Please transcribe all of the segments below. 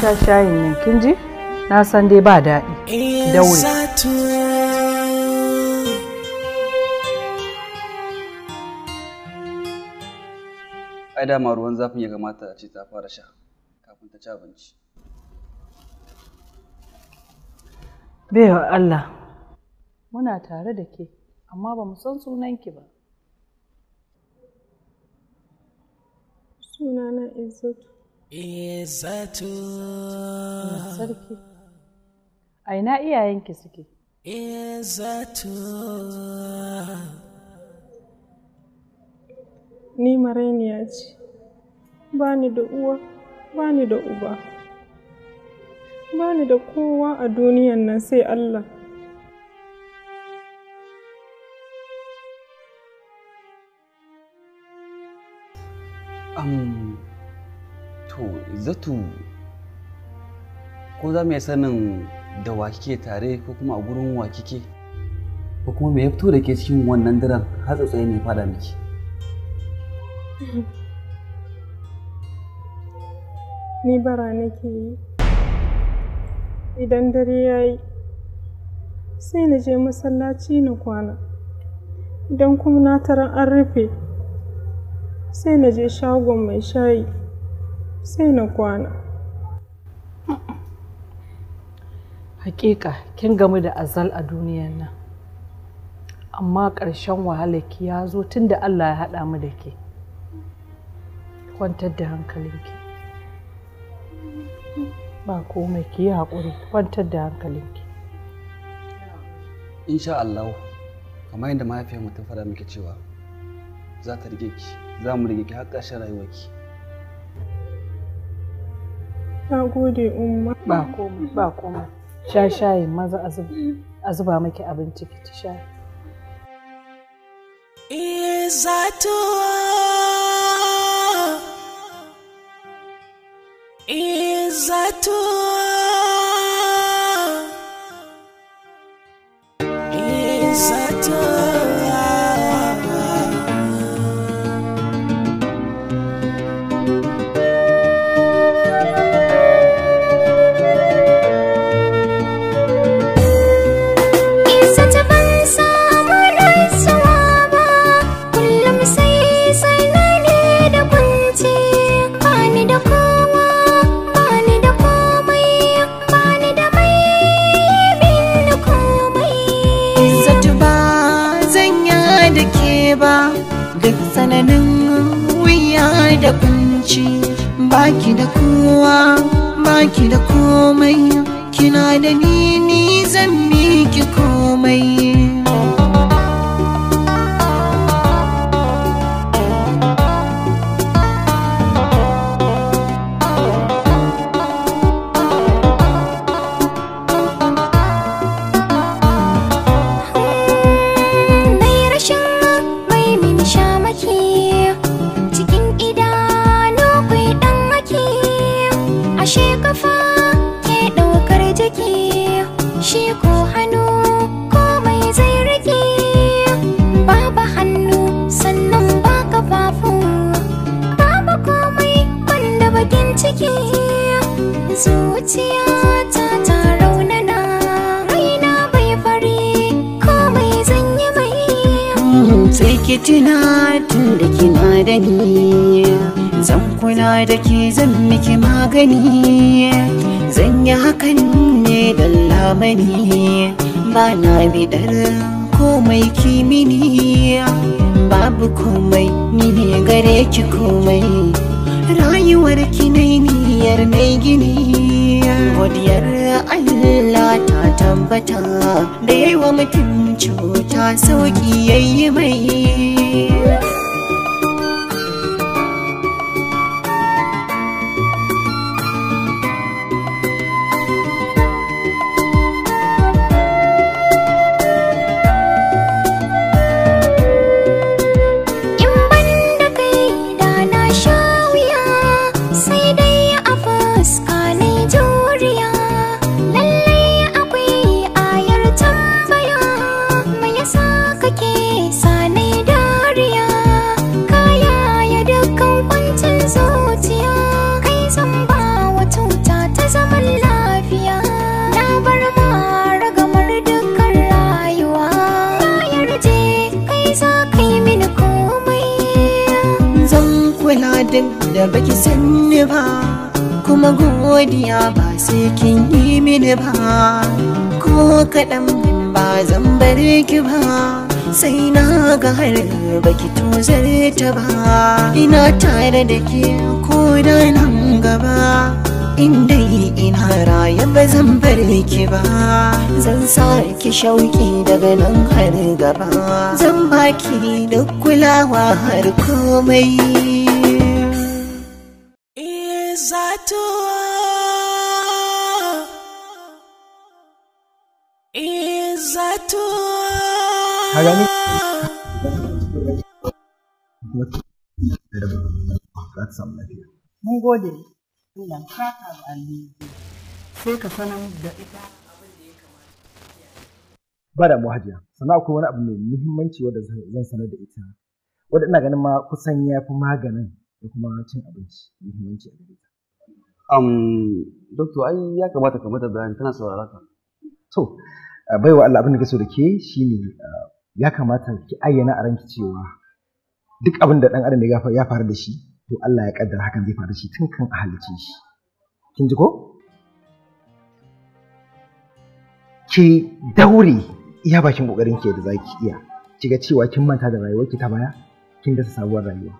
sha shayin nan kin ji na san dai ba daɗi daure ai dama ruwan zafin ya kamata a ce ta fara sha kafin ta ci abinci baiwa Allah muna tare da ke amma ba mu san sunanki ba sunana izzatu Izzatu. Sarki. A ina iyayenki suke? Izzatu. Ni marainiya ce, ba ni da uwa, ba ni da uba, ba ni da kowa a duniyan nan sai Allah. Um, to zatu ko za mu iya sanin da wa kike tare ko kuma a gurin wa kike ko kuma me ya fito da ke cikin wannan daren har tsaye ne fada miki ni bara nake yi idan dare ya yi sai na je masallaci na kwana idan kuma na taron an rufe sai na je shagon mai shayi sai na kwana hakika kin gamu da azal a duniyar nan amma ƙarshen wahalarki ya zo tun da allah ya haɗa mu da ke kwantar da hankalinki ba komai ki yi haƙuri kwantar da hankalinki insha Allah kamar yadda mahaifiyar mutum fara miki cewa za ta rige ki za mu rige ki har ƙarshen rayuwarki Na gode umma. Ba komai, ba komai. Sha shayi maza a zuba maki abinci ki ci sha. Eh zato. Eh tsananin wuya da kunci baki da kowa baki da komai kina da ni ni zan miki komai shi ko hannu komai zai rage babu hannu sannan ba kafafu babu komai banda bakin ciki zuciya ta ta raunana Aina bai fari komai zan yi mai sai ki tuna tun da kina da zan kula da zan miki magani sanya hakan ne da lamani ba na bidar komai kimini babu komai ni ne gare ki komai rayuwar ki na mai gini godiyar Allah ta tabbata da wa mutum cuta sauki yayi mai duk da baki sanni ba kuma godiya ba sai kin yi mini ba ko kaɗan ba zan bar ki ba sai na ga har baki tozar ta ba ina tare da ke ko da nan gaba inda ina raya ba zan bar ki ba zan sa ki shauki daga nan har gaba zan baki da kulawa har komai zato mun gode Allah saka da alheri sai ka sanar da ita abin da ya kamata. ba da mu hajiya sannan akwai wani abu mai muhimmanci wanda zan sanar da ita wanda ina ganin ma kusan ya fi maganin da kuma cin abinci muhimmanci a gare ta um doctor ai ya kamata ka mata bayani tana saurara ka to baiwa Allah abin da kake so da ke shine ya kamata ki ayyana a ranki cewa duk abin da dan adam ya faru da shi to Allah ya kaddara hakan zai faru da shi tun kan a halice shi kin ji ko ki daure iya bakin kokarin ki da zaki iya kiga cewa kin manta da rayuwar ki ta baya kin dasa sabuwar rayuwa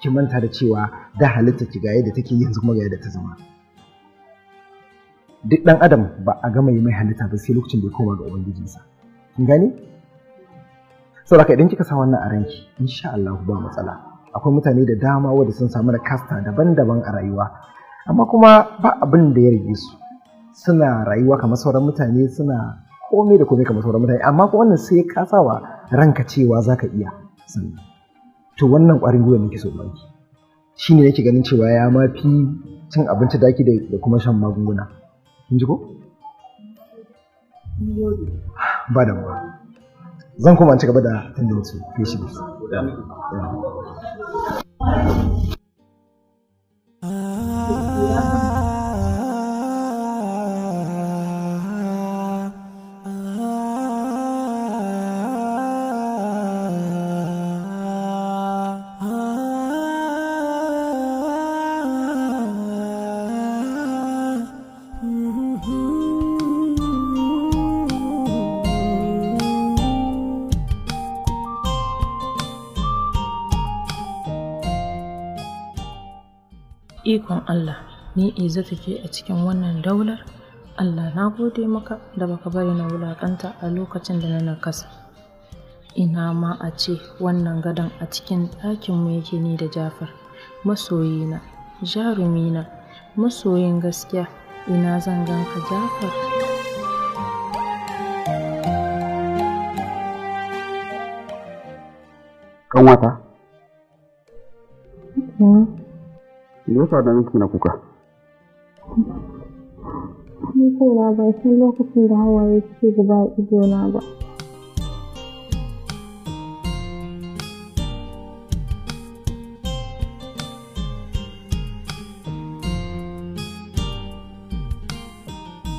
kin manta da cewa da halitta ki ga yadda take yanzu kuma ga yadda ta zama duk ɗan adam ba a gama yi mai halitta ba sai lokacin da ya koma ga ubangijinsa kin gane saboda idan kika sa wannan a ranki insha Allah ba matsala akwai mutane da dama wanda sun samu da kasta daban-daban a rayuwa amma kuma ba abin da ya rage su suna rayuwa kamar sauran mutane suna komai da komai kamar sauran mutane amma kuma wannan sai ka sa wa ranka cewa zaka iya sannan to wannan ƙwarin gwiwa nake so banki shine nake ganin cewa ya mafi cin abinci daki da kuma shan magunguna Kin ji ko? Ba da ba. Zan kuma ci gaba da tunda wasu fashi da su. Ah. ikon Allah ni Izzatu ke a cikin wannan daular Allah na gode maka da baka bari na wulakanta a lokacin da na nakasa ina ma a ce wannan gadon a cikin ɗakin mu yake ni da Jafar masoyina jarumina masoyin gaskiya ina zan ganka Jafar kan wata hmm? me yasa da miki na kuka ni ko na ba san lokacin da hawaye ke gaba ido na ba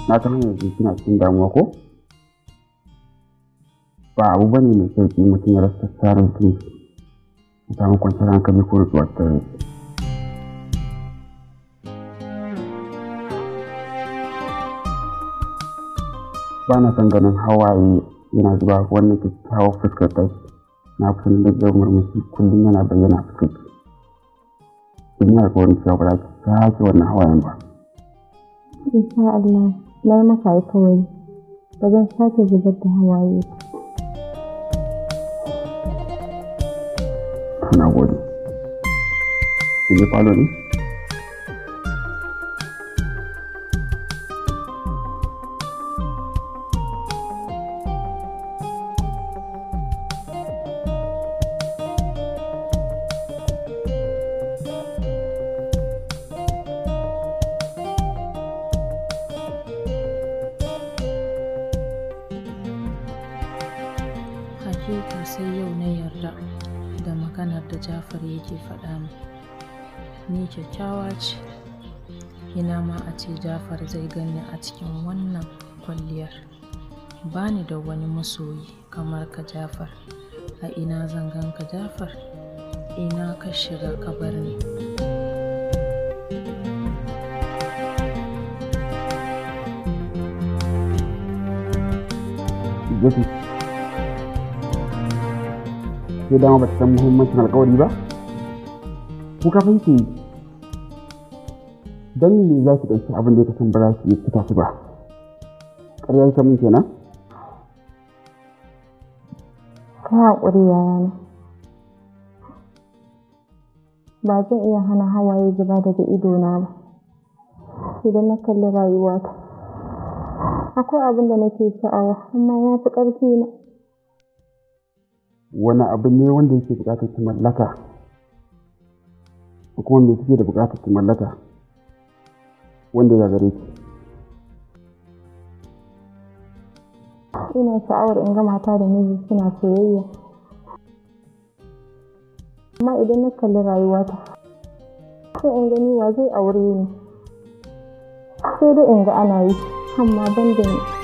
na san yanzu kina cikin damuwa ko ba abu bane mai sauki mutum ya rasa tsarin tunki a samu kwanciyar hankali ko ta tare ba na son ganin hawaye yana zuba wannan kyakkyawar fuskar ta na kusan da murmushi kullum yana bayyana fuskar ki kin yi wani cewa ba za ki sake wannan hawayen ba insha Allah na yi maka alƙawari ba zan sake zubar da hawaye na gode. Ina falo ne? sai yau na yarda da maganar da jafar yake faɗa min ni kyakkyawa ce ina ma a ce jafar zai gani a cikin wannan kwalliyar ba ni da wani masoyi kamar ka jafar a ina zan gan ka jafar ina ka shiga ka bar ni Gracias. sai dama ba ta san muhimmancin alkawari ba ku kafin ki don ne za ki ɗauki abin da ya kasan ba za ki fita su ba ƙaryar ka mun kenan ka haƙuri yayana ba zan iya hana hawaye zuba daga idona ba idan na kalli rayuwata akwai abin da nake sha'awa amma ya fi ƙarfi na wani abu ne wanda yake bukatar ki mallaka kuma me kike da bukatar ki mallaka wanda ya gare ki ina sha'awar in ga mata da miji suna soyayya amma idan na kalli rayuwata sai in gani wa zai aure ni sai dai in ga ana yi amma ban da ni